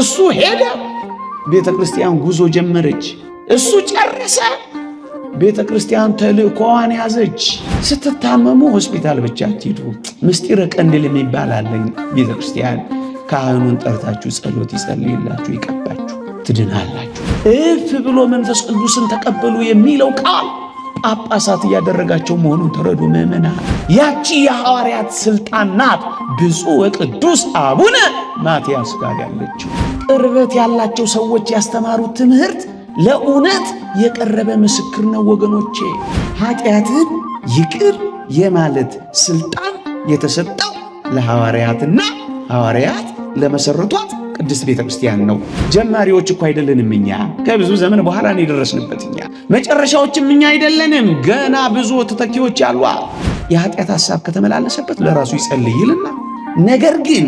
እሱ ሄደ፣ ቤተ ክርስቲያን ጉዞ ጀመረች። እሱ ጨረሰ፣ ቤተ ክርስቲያን ተልእኮዋን ያዘች። ስትታመሙ ሆስፒታል ብቻ አትሂዱ። ምስጢረ ቀንድል የሚባል አለኝ። ቤተ ክርስቲያን ካህኑን ጠርታችሁ ጸሎት ይጸልይላችሁ፣ ይቀባችሁ፣ ትድናላችሁ። እፍ ብሎ መንፈስ ቅዱስን ተቀበሉ የሚለው ቃል ጳጳሳት እያደረጋቸው መሆኑን ተረዱ ምእመናን። ያቺ የሐዋርያት ስልጣን ናት ብፁዕ ወቅዱስ አቡነ ማትያስ ጋር ያለችው። ቅርበት ያላቸው ሰዎች ያስተማሩት ትምህርት ለእውነት የቀረበ ምስክር ነው። ወገኖቼ ኃጢአትን ይቅር የማለት ስልጣን የተሰጠው ለሐዋርያትና ሐዋርያት ለመሠረቷት ቅድስት ቤተ ክርስቲያን ነው። ጀማሪዎች እኮ አይደለንም እኛ፣ ከብዙ ዘመን በኋላ ነው የደረስንበት እኛ። መጨረሻዎችም እኛ አይደለንም፣ ገና ብዙ ተተኪዎች አሉ የኃጢአት ሐሳብ ከተመላለሰበት ለራሱ ይጸልይ ይልና ነገር ግን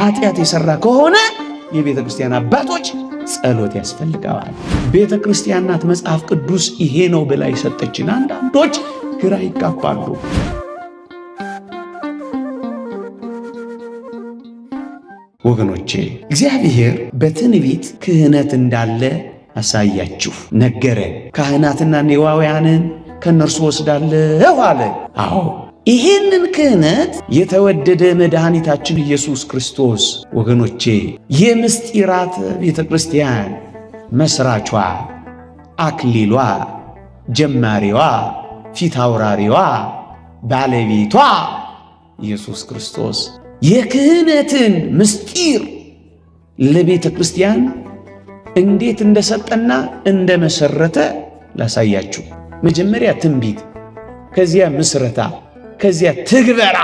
ኃጢአት የሠራ ከሆነ የቤተ ክርስቲያን አባቶች ጸሎት ያስፈልገዋል። ቤተ ክርስቲያን ናት መጽሐፍ ቅዱስ ይሄ ነው ብላ የሰጠችን። አንዳንዶች ግራ ይጋባሉ። ወገኖቼ እግዚአብሔር በትንቢት ክህነት እንዳለ አሳያችሁ ነገረ ካህናትና ሌዋውያንን ከእነርሱ ወስዳለሁ አለ። አዎ ይህንን ክህነት የተወደደ መድኃኒታችን ኢየሱስ ክርስቶስ ወገኖቼ፣ የምስጢራት ቤተ ክርስቲያን መስራቿ፣ አክሊሏ፣ ጀማሪዋ፣ ፊት አውራሪዋ፣ ባለቤቷ ኢየሱስ ክርስቶስ የክህነትን ምስጢር ለቤተ ክርስቲያን እንዴት እንደሰጠና እንደመሰረተ ላሳያችሁ። መጀመሪያ ትንቢት፣ ከዚያ ምስረታ፣ ከዚያ ትግበራ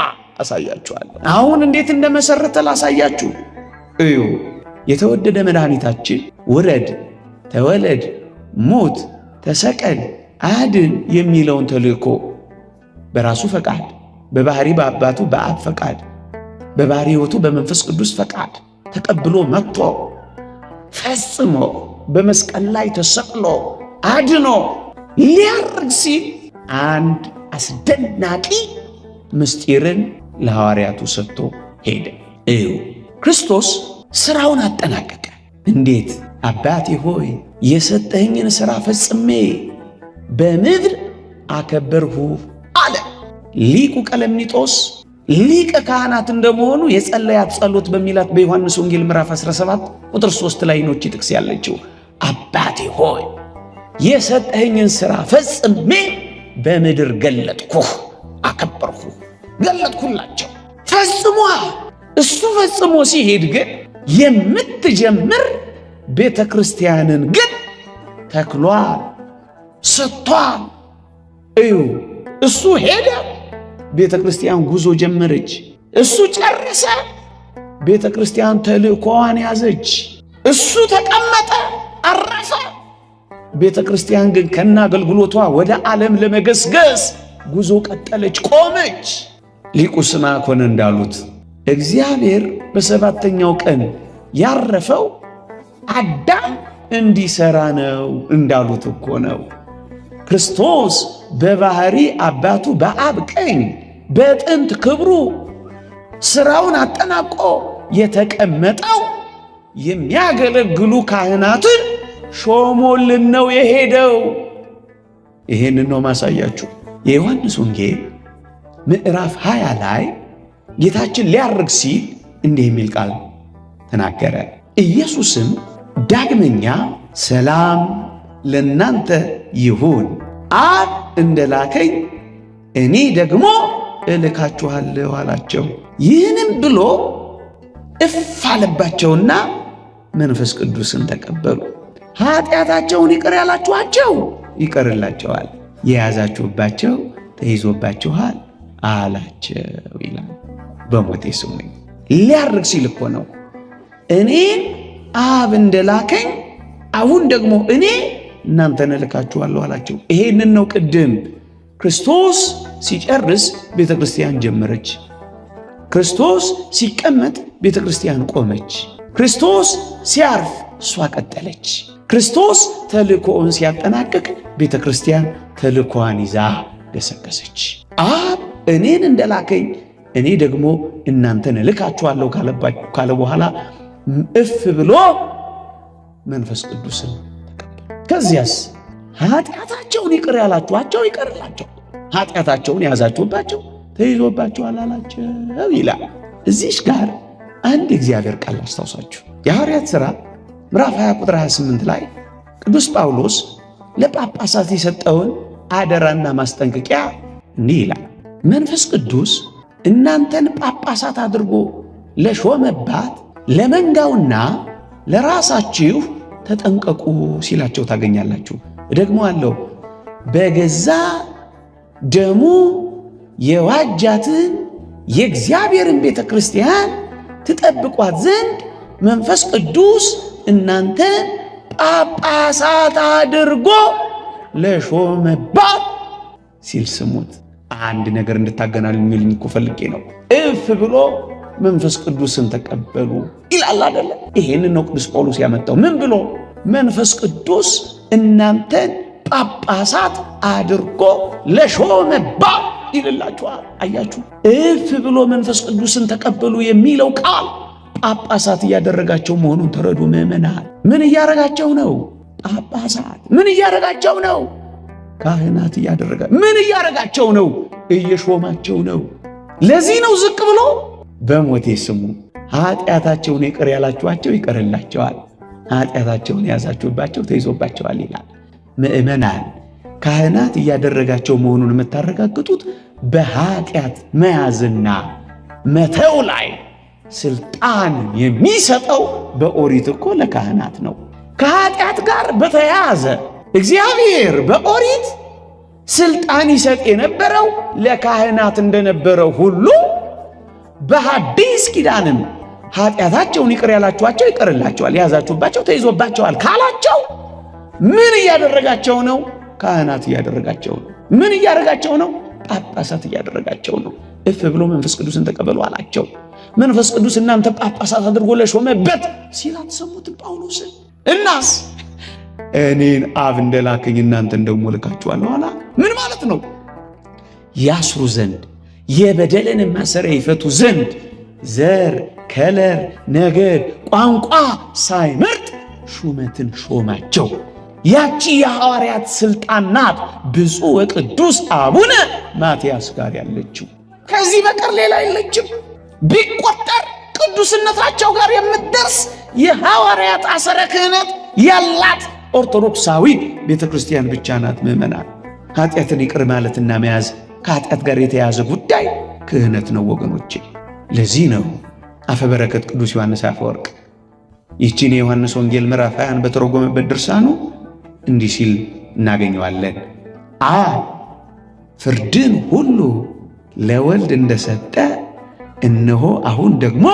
አሳያችኋል። አሁን እንዴት እንደመሰረተ ላሳያችሁ እዩ። የተወደደ መድኃኒታችን ውረድ፣ ተወለድ፣ ሞት፣ ተሰቀል፣ አድን የሚለውን ተልእኮ በራሱ ፈቃድ በባህሪ በአባቱ በአብ ፈቃድ በባሕሪ ሕይወቱ በመንፈስ ቅዱስ ፈቃድ ተቀብሎ መጥቶ ፈጽሞ በመስቀል ላይ ተሰቅሎ አድኖ ሊያርግ ሲል አንድ አስደናቂ ምስጢርን ለሐዋርያቱ ሰጥቶ ሄደ። እዩ ክርስቶስ ሥራውን አጠናቀቀ። እንዴት? አባቴ ሆይ የሰጠኸኝን ሥራ ፈጽሜ በምድር አከበርሁ አለ። ሊቁ ቀለምኒጦስ ሊቀ ካህናት እንደመሆኑ የጸለያት ጸሎት በሚላት በዮሐንስ ወንጌል ምዕራፍ 17 ቁጥር 3 ላይ ኖች ጥቅስ ያለችው አባቴ ሆይ የሰጠኸኝን ሥራ ፈጽሜ በምድር ገለጥኩህ፣ አከበርኩ፣ ገለጥኩላቸው። ፈጽሟ እሱ ፈጽሞ ሲሄድ ግን የምትጀምር ቤተ ክርስቲያንን ግን ተክሏል፣ ስቷል። እዩ እሱ ሄደ ቤተ ክርስቲያን ጉዞ ጀመረች። እሱ ጨረሰ፣ ቤተ ክርስቲያን ተልእኮዋን ያዘች። እሱ ተቀመጠ፣ አረፈ። ቤተ ክርስቲያን ግን ከና አገልግሎቷ ወደ ዓለም ለመገስገስ ጉዞ ቀጠለች፣ ቆመች። ሊቁ ስምዐኮነ እንዳሉት እግዚአብሔር በሰባተኛው ቀን ያረፈው አዳም እንዲሰራ ነው እንዳሉት እኮ ነው ክርስቶስ በባህሪ አባቱ በአብ ቀኝ በጥንት ክብሩ ስራውን አጠናቆ የተቀመጠው የሚያገለግሉ ካህናትን ሾሞልን ነው የሄደው። ይሄንን ነው ማሳያችሁ። የዮሐንስ ወንጌል ምዕራፍ 20 ላይ ጌታችን ሊያርግ ሲል እንዲህ የሚል ቃል ተናገረ። ኢየሱስም ዳግመኛ ሰላም ለእናንተ ይሁን አብ እንደላከኝ እኔ ደግሞ እልካችኋለሁ አላቸው። ይህንም ብሎ እፍ አለባቸውና መንፈስ ቅዱስን ተቀበሉ። ኃጢአታቸውን ይቅር ያላችኋቸው ይቀርላቸዋል፣ የያዛችሁባቸው ተይዞባችኋል አላቸው ይላል። በሞቴ ስሙኝ። ሊያርግ ሲል እኮ ነው እኔ አብ እንደላከኝ አሁን ደግሞ እኔ እናንተን እልካችኋለሁ አላቸው። ይሄንን ነው ቅድም ክርስቶስ ሲጨርስ ቤተ ክርስቲያን ጀመረች። ክርስቶስ ሲቀመጥ ቤተ ክርስቲያን ቆመች። ክርስቶስ ሲያርፍ እሷ ቀጠለች። ክርስቶስ ተልእኮውን ሲያጠናቅቅ ቤተ ክርስቲያን ተልእኮዋን ይዛ ገሰገሰች። አብ እኔን እንደላከኝ እኔ ደግሞ እናንተን እልካችኋለሁ ካለ በኋላ እፍ ብሎ መንፈስ ቅዱስን ከዚያስ ኃጢአታቸውን ይቅር ያላችኋቸው ይቅርላቸው፣ ኃጢአታቸውን የያዛችሁባቸው ተይዞባችኋል አላቸው ይላል። እዚሽ ጋር አንድ እግዚአብሔር ቃል አስታውሳችሁ የሐዋርያት ሥራ ምዕራፍ 20 ቁጥር 28 ላይ ቅዱስ ጳውሎስ ለጳጳሳት የሰጠውን አደራና ማስጠንቀቂያ እንዲህ ይላል። መንፈስ ቅዱስ እናንተን ጳጳሳት አድርጎ ለሾመባት ለመንጋውና ለራሳችሁ ተጠንቀቁ ሲላቸው ታገኛላችሁ። ደግሞ አለው በገዛ ደሙ የዋጃትን የእግዚአብሔርን ቤተ ክርስቲያን ትጠብቋት ዘንድ መንፈስ ቅዱስ እናንተን ጳጳሳት አድርጎ ለሾመባት ሲል ስሙት። አንድ ነገር እንድታገናኙ የሚል እኮ ፈልጌ ነው። እፍ ብሎ መንፈስ ቅዱስን ተቀበሉ ይላል አደለ? ይሄንን ነው ቅዱስ ጳውሎስ ያመጣው። ምን ብሎ መንፈስ ቅዱስ እናንተን ጳጳሳት አድርጎ ለሾመባ ይልላችኋል። አያችሁ፣ እፍ ብሎ መንፈስ ቅዱስን ተቀበሉ የሚለው ቃል ጳጳሳት እያደረጋቸው መሆኑን ተረዱ ምእመናል ምን እያረጋቸው ነው? ጳጳሳት። ምን እያረጋቸው ነው? ካህናት እያደረጋ ምን እያረጋቸው ነው? እየሾማቸው ነው። ለዚህ ነው ዝቅ ብሎ በሞቴ ስሙ ኃጢአታቸውን ይቅር ያላችኋቸው ይቀርላቸዋል፣ ኃጢአታቸውን የያዛችሁባቸው ተይዞባቸዋል ይላል። ምእመናን ካህናት እያደረጋቸው መሆኑን የምታረጋግጡት በኃጢአት መያዝና መተው ላይ ስልጣን የሚሰጠው በኦሪት እኮ ለካህናት ነው። ከኃጢአት ጋር በተያያዘ እግዚአብሔር በኦሪት ስልጣን ይሰጥ የነበረው ለካህናት እንደነበረው ሁሉ በሐዲስ ኪዳንም ኃጢአታቸውን ይቅር ያላችኋቸው ይቀርላቸዋል፣ የያዛችሁባቸው ተይዞባቸዋል ካላቸው ምን እያደረጋቸው ነው? ካህናት እያደረጋቸው ነው። ምን እያደረጋቸው ነው? ጳጳሳት እያደረጋቸው ነው። እፍ ብሎ መንፈስ ቅዱስን ተቀበሉ አላቸው። መንፈስ ቅዱስ እናንተ ጳጳሳት አድርጎ ለሾመበት ሲል አትሰሙትም ጳውሎስን? እናስ እኔን አብ እንደላከኝ እናንተን ደግሞ ልካችኋለሁ አላ ምን ማለት ነው? ያስሩ ዘንድ የበደልን ማሰሪያ ይፈቱ ዘንድ ዘር፣ ከለር፣ ነገድ፣ ቋንቋ ሳይመርጥ ሹመትን ሾማቸው። ያቺ የሐዋርያት ሥልጣን ናት። ብፁዕ ወቅዱስ አቡነ ማትያስ ጋር ያለችው ከዚህ በቀር ሌላ የለችም። ቢቆጠር ቅዱስነታቸው ጋር የምትደርስ የሐዋርያት አሰረ ክህነት ያላት ኦርቶዶክሳዊ ቤተ ክርስቲያን ብቻ ናት። ምዕመናን ኃጢአትን ይቅር ማለትና መያዝ ከኃጢአት ጋር የተያዘ ጉዳይ ክህነት ነው ወገኖቼ። ለዚህ ነው አፈበረከት ቅዱስ ዮሐንስ አፈወርቅ ይህችን የዮሐንስ ወንጌል ምዕራፍ ሃያን በተረጎመበት ድርሳኑ እንዲህ ሲል እናገኘዋለን። አ ፍርድን ሁሉ ለወልድ እንደሰጠ እነሆ አሁን ደግሞ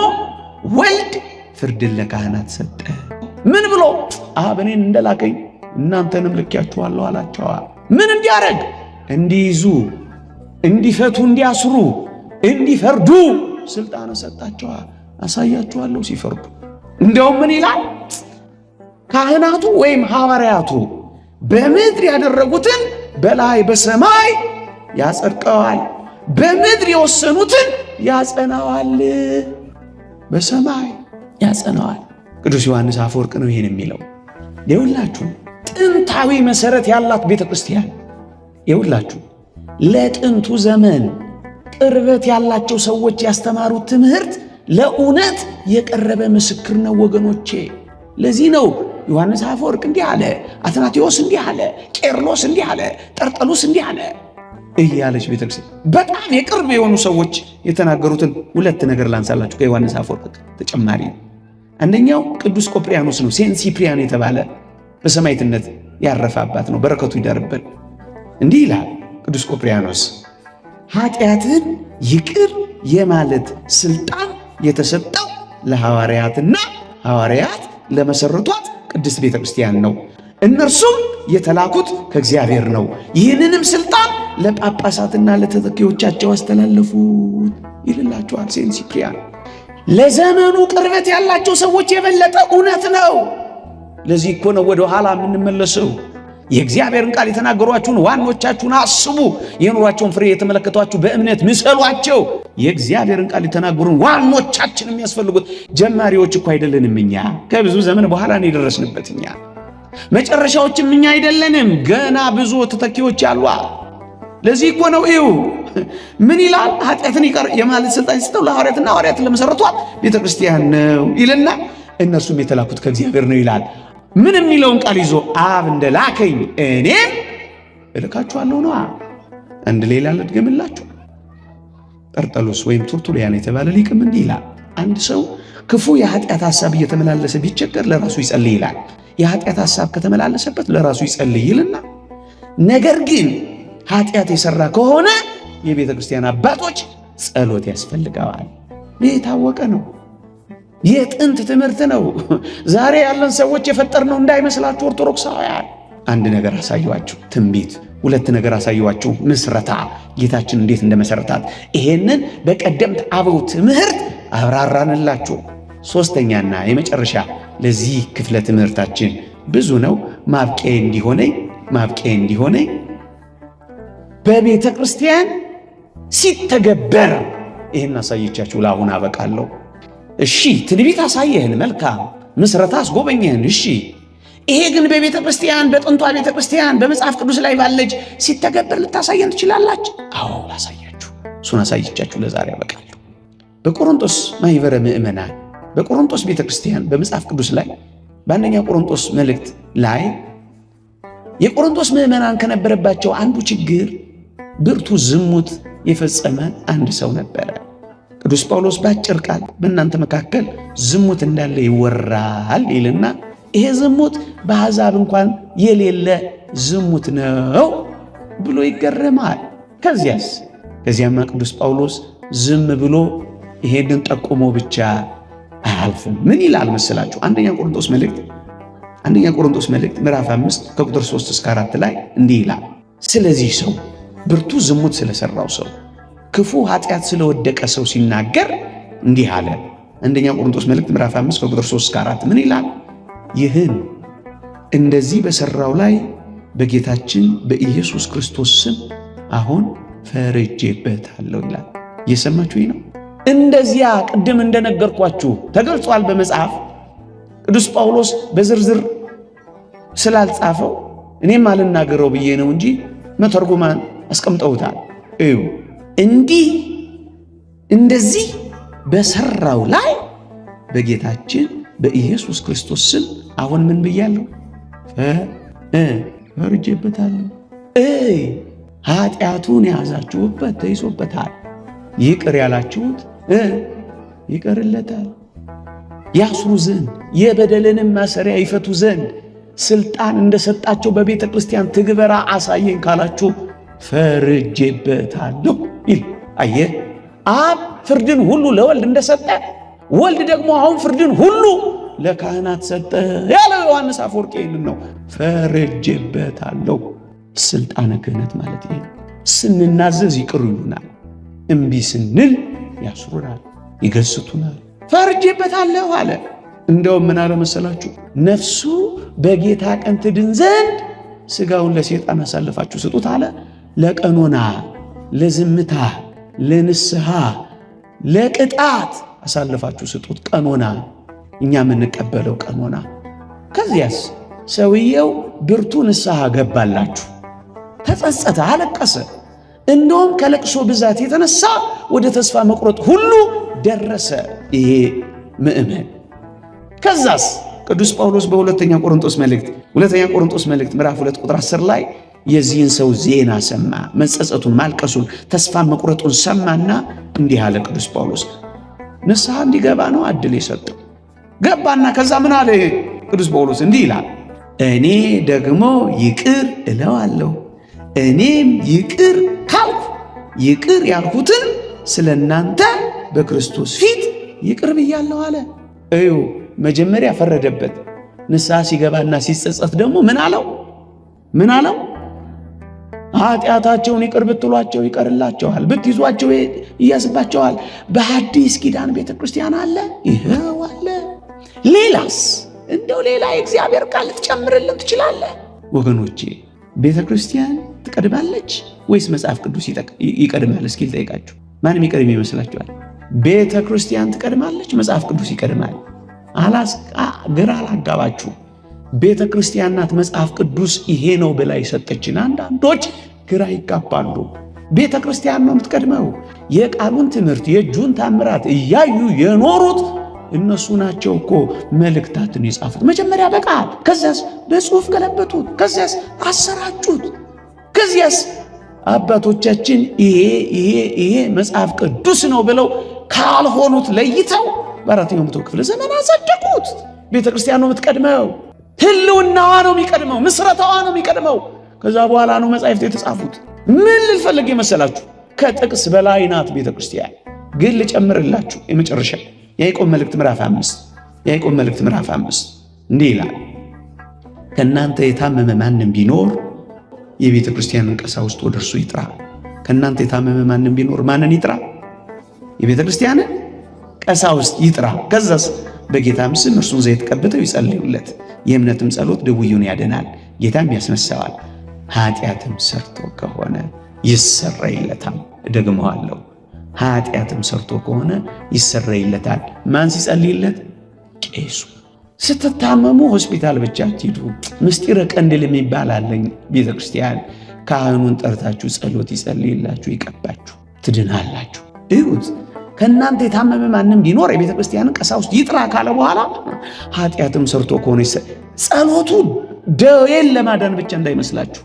ወልድ ፍርድን ለካህናት ሰጠ። ምን ብሎ አብ እኔን እንደላከኝ እናንተንም ልኪያችኋለሁ አላቸዋ። ምን እንዲያደረግ? እንዲይዙ፣ እንዲፈቱ፣ እንዲያስሩ እንዲፈርዱ ስልጣን ሰጣቸዋል። አሳያችኋለሁ ሲፈርዱ። እንዲያውም ምን ይላል? ካህናቱ ወይም ሐዋርያቱ በምድር ያደረጉትን በላይ በሰማይ ያጸድቀዋል፣ በምድር የወሰኑትን ያጸናዋል፣ በሰማይ ያጸናዋል። ቅዱስ ዮሐንስ አፈወርቅ ነው ይህን የሚለው። የሁላችሁ ጥንታዊ መሰረት ያላት ቤተ ክርስቲያን የሁላችሁ ለጥንቱ ዘመን ቅርበት ያላቸው ሰዎች ያስተማሩት ትምህርት ለእውነት የቀረበ ምስክር ነው ወገኖቼ። ለዚህ ነው ዮሐንስ አፈወርቅ እንዲህ አለ፣ አትናቴዎስ እንዲህ አለ፣ ቄርሎስ እንዲህ አለ፣ ጠርጠሉስ እንዲህ አለ እያለች ቤተክርስቲያን በጣም የቅርብ የሆኑ ሰዎች የተናገሩትን ሁለት ነገር ላንሳላችሁ ከዮሐንስ አፈወርቅ ተጨማሪ አንደኛው ቅዱስ ቆጵሪያኖስ ነው። ሴንት ሲፕሪያን የተባለ በሰማይትነት ያረፈ አባት ነው። በረከቱ ይደርብን። እንዲህ ይላል ቅዱስ ቆጵሪያኖስ ኃጢአትን ይቅር የማለት ስልጣን የተሰጠው ለሐዋርያትና ሐዋርያት ለመሰረቷት ቅድስት ቤተ ክርስቲያን ነው። እነርሱም የተላኩት ከእግዚአብሔር ነው። ይህንንም ስልጣን ለጳጳሳትና ለተተኪዎቻቸው አስተላለፉት ይልላቸዋል ሴንት ሲፕሪያን። ለዘመኑ ቅርበት ያላቸው ሰዎች የበለጠ እውነት ነው። ለዚህ እኮ ነው ወደ ኋላ የምንመለሰው። የእግዚአብሔርን ቃል የተናገሯችሁን ዋኖቻችሁን አስቡ። የኑሯቸውን ፍሬ የተመለከቷችሁ በእምነት ምሰሏቸው። የእግዚአብሔርን ቃል የተናገሩን ዋኖቻችን የሚያስፈልጉት ጀማሪዎች እኮ አይደለንም። እኛ ከብዙ ዘመን በኋላ ነው የደረስንበት። እኛ መጨረሻዎችም እኛ አይደለንም። ገና ብዙ ተተኪዎች ያሏ። ለዚህ እኮ ነው ይው ምን ይላል? ኃጢአትን ይቀር የማለት ስልጣን ሲተው ለሐዋርያትና ሐዋርያትን ለመሰረቷት ቤተክርስቲያን ነው ይልና እነርሱም የተላኩት ከእግዚአብሔር ነው ይላል። ምን የሚለውን ቃል ይዞ አብ እንደላከኝ እኔ እልካችኋለሁ ነው። አንድ ሌላ ልድገምላችሁ። ጠርጠሎስ ወይም ቱርቱልያን የተባለ ሊቅም እንዲህ ይላል፣ አንድ ሰው ክፉ የኃጢአት ሐሳብ እየተመላለሰ ቢቸገር ለራሱ ይጸልይ ይላል። የኃጢአት ሐሳብ ከተመላለሰበት ለራሱ ይጸልይ ይልና ነገር ግን ኃጢአት የሰራ ከሆነ የቤተ ክርስቲያን አባቶች ጸሎት ያስፈልገዋል። ይህ የታወቀ ነው። የጥንት ትምህርት ነው። ዛሬ ያለን ሰዎች የፈጠርነው እንዳይመስላችሁ ኦርቶዶክሳውያን። አንድ ነገር አሳየዋችሁ፣ ትንቢት ሁለት ነገር አሳየዋችሁ፣ ምስረታ ጌታችን እንዴት እንደመሰረታት ይሄንን በቀደምት አበው ትምህርት አብራራንላችሁ። ሶስተኛና የመጨረሻ ለዚህ ክፍለ ትምህርታችን ብዙ ነው፣ ማብቂያ እንዲሆነኝ ማብቂያ እንዲሆነኝ በቤተ ክርስቲያን ሲተገበር ይህን አሳየቻችሁ። ለአሁን አበቃለሁ። እሺ ትንቢት አሳየህን፣ መልካም ምስረታ አስጎበኘህን፣ እሺ። ይሄ ግን በቤተ ክርስቲያን በጥንቷ ቤተ ክርስቲያን በመጽሐፍ ቅዱስ ላይ ባለች ሲተገበር ልታሳየን ትችላላች? አዎ ላሳያችሁ። እሱን አሳይቻችሁ ለዛሬ ያበቃለሁ። በቆሮንጦስ ማህበረ ምእመናን፣ በቆሮንጦስ ቤተ ክርስቲያን በመጽሐፍ ቅዱስ ላይ በአንደኛ ቆሮንጦስ መልእክት ላይ የቆሮንጦስ ምእመናን ከነበረባቸው አንዱ ችግር ብርቱ ዝሙት የፈጸመ አንድ ሰው ነበረ። ቅዱስ ጳውሎስ በአጭር ቃል በእናንተ መካከል ዝሙት እንዳለ ይወራል ይልና ይሄ ዝሙት በአሕዛብ እንኳን የሌለ ዝሙት ነው ብሎ ይገረማል። ከዚያስ ከዚያማ ቅዱስ ጳውሎስ ዝም ብሎ ይሄንን ጠቁሞ ብቻ አያልፍም። ምን ይላል መሰላችሁ? አንደኛ ቆሮንቶስ መልእክት አንደኛ ቆሮንቶስ መልእክት ምዕራፍ አምስት ከቁጥር 3 እስከ 4 ላይ እንዲህ ይላል። ስለዚህ ሰው ብርቱ ዝሙት ስለሰራው ሰው ክፉ ኃጢአት ስለወደቀ ሰው ሲናገር እንዲህ አለ። አንደኛ ቆሮንቶስ መልእክት ምዕራፍ 5 ከቁጥር 3 እስከ 4 ምን ይላል? ይህን እንደዚህ በሰራው ላይ በጌታችን በኢየሱስ ክርስቶስ ስም አሁን ፈርጄበታለሁ ይላል። እየሰማችሁ ነው። እንደዚያ ቅድም እንደነገርኳችሁ ተገልጿል በመጽሐፍ ቅዱስ ጳውሎስ በዝርዝር ስላልጻፈው እኔም አልናገረው ብዬ ነው እንጂ መተርጉማን አስቀምጠውታል እዩ እንዲህ እንደዚህ በሰራው ላይ በጌታችን በኢየሱስ ክርስቶስ ስም አሁን ምን ብያለሁ? ፈርጄበታለሁ። እይ ኃጢአቱን የያዛችሁበት ተይሶበታል፣ ይቅር ያላችሁት ይቀርለታል። ያስሩ ዘንድ የበደልንም ማሰሪያ ይፈቱ ዘንድ ስልጣን እንደሰጣቸው በቤተ ክርስቲያን ትግበራ አሳየን ካላችሁ ፈርጄበታለሁ ይል አየ አብ ፍርድን ሁሉ ለወልድ እንደሰጠ ወልድ ደግሞ አሁን ፍርድን ሁሉ ለካህናት ሰጠ ያለው ዮሐንስ አፈወርቅ ነው። ፈርጄበታለሁ። ስልጣነ ክህነት ማለት ይሄ ስንናዘዝ ይቅር ይሉናል፣ እምቢ ስንል ያስሩናል፣ ይገስቱናል። ፈርጄበታለሁ አለ። እንደውም ምን አለ መሰላችሁ? ነፍሱ በጌታ ቀን ትድን ዘንድ ስጋውን ለሴጣን አሳልፋችሁ ስጡት አለ። ለቀኖና፣ ለዝምታ፣ ለንስሐ፣ ለቅጣት አሳልፋችሁ ስጡት። ቀኖና እኛ የምንቀበለው ቀኖና። ከዚያስ ሰውየው ብርቱ ንስሐ ገባላችሁ፣ ተጸጸተ፣ አለቀሰ። እንደውም ከለቅሶ ብዛት የተነሳ ወደ ተስፋ መቁረጥ ሁሉ ደረሰ ይሄ ምእመን። ከዛስ ቅዱስ ጳውሎስ በሁለተኛ ቆሮንቶስ መልእክት ሁለተኛ ቆሮንቶስ መልእክት ምዕራፍ 2 ቁጥር 10 ላይ የዚህን ሰው ዜና ሰማ። መጸጸቱን፣ ማልቀሱን፣ ተስፋ መቁረጡን ሰማና እንዲህ አለ ቅዱስ ጳውሎስ። ንስሐ እንዲገባ ነው አድል የሰጠው። ገባና ከዛ ምን አለ ቅዱስ ጳውሎስ? እንዲህ ይላል እኔ ደግሞ ይቅር እለዋለሁ እኔም ይቅር ካልኩ ይቅር ያልኩትን ስለ እናንተ በክርስቶስ ፊት ይቅር ብያለሁ አለ። እዩ መጀመሪያ ፈረደበት። ንስሐ ሲገባና ሲጸጸት ደግሞ ምን አለው? ምን አለው? ኃጢአታቸውን ይቅር ብትሏቸው ይቀርላቸዋል፣ ብትይዟቸው ይያዝባቸዋል። በሐዲስ ኪዳን ቤተ ክርስቲያን አለ፣ ይኸው አለ። ሌላስ እንደው ሌላ የእግዚአብሔር ቃል ልትጨምርልን ትችላለህ? ወገኖቼ ቤተ ክርስቲያን ትቀድማለች ወይስ መጽሐፍ ቅዱስ ይቀድማል? እስኪ ልጠይቃችሁ፣ ማንም ይቀድም ይመስላችኋል? ቤተ ክርስቲያን ትቀድማለች፣ መጽሐፍ ቅዱስ ይቀድማል? ግራ አላጋባችሁ። ቤተ ክርስቲያን ናት መጽሐፍ ቅዱስ ይሄ ነው ብላ የሰጠችን። አንዳንዶች ግራ ይጋባሉ። ቤተ ክርስቲያን ነው የምትቀድመው። የቃሉን ትምህርት የእጁን ታምራት እያዩ የኖሩት እነሱ ናቸው እኮ መልእክታትን የጻፉት። መጀመሪያ በቃል ከዚያስ በጽሁፍ ገለበጡት፣ ከዚያስ አሰራጩት፣ ከዚያስ አባቶቻችን ይሄ ይሄ ይሄ መጽሐፍ ቅዱስ ነው ብለው ካልሆኑት ለይተው በአራተኛው መቶ ክፍለ ዘመን አጸደቁት። ቤተ ክርስቲያን ነው የምትቀድመው። ህልውናዋ ነው የሚቀድመው፣ ምስረታዋ ነው የሚቀድመው። ከዛ በኋላ ነው መጻሕፍት የተጻፉት። ምን ልንፈልግ የመሰላችሁ ከጥቅስ በላይ ናት ቤተ ክርስቲያን። ግን ልጨምርላችሁ የመጨረሻ የያዕቆብ መልእክት ምዕራፍ አምስት የያዕቆብ መልእክት ምዕራፍ አምስት እንዲህ ይላል ከእናንተ የታመመ ማንም ቢኖር የቤተ ክርስቲያንን ቀሳውስት ወደ እርሱ ይጥራ። ከእናንተ የታመመ ማንም ቢኖር ማንን ይጥራ? የቤተ ክርስቲያንን ቀሳውስት ይጥራ። ከዛስ በጌታም ስም እርሱን ዘይት ቀብተው ይጸልዩለት። የእምነትም ጸሎት ድውዩን ያድናል፣ ጌታም ያስነሳዋል። ኃጢአትም ሰርቶ ከሆነ ይሰረይለታል። እደግመዋለሁ፣ ኃጢአትም ሰርቶ ከሆነ ይሰረይለታል። ማን ሲጸልይለት? ቄሱ። ስትታመሙ ሆስፒታል ብቻ አትሂዱ። ምስጢረ ቀንድል የሚባል አለኝ። ቤተ ክርስቲያን ካህኑን ጠርታችሁ ጸሎት ይጸልይላችሁ፣ ይቀባችሁ፣ ትድናላችሁ። እዩት። ከእናንተ የታመመ ማንም ቢኖር የቤተ ክርስቲያንን ቀሳውስት ይጥራ ካለ በኋላ ኃጢአትም ሰርቶ ከሆነ ጸሎቱ ደዌን ለማዳን ብቻ እንዳይመስላችሁ፣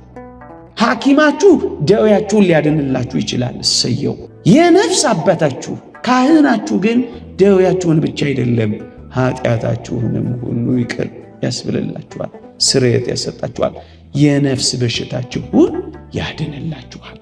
ሐኪማችሁ ደዌያችሁን ሊያድንላችሁ ይችላል። እሰየው። የነፍስ አባታችሁ ካህናችሁ ግን ደዌያችሁን ብቻ አይደለም ኃጢአታችሁንም ሁሉ ይቅር ያስብልላችኋል፣ ስርየት ያሰጣችኋል፣ የነፍስ በሽታችሁን ያድንላችኋል።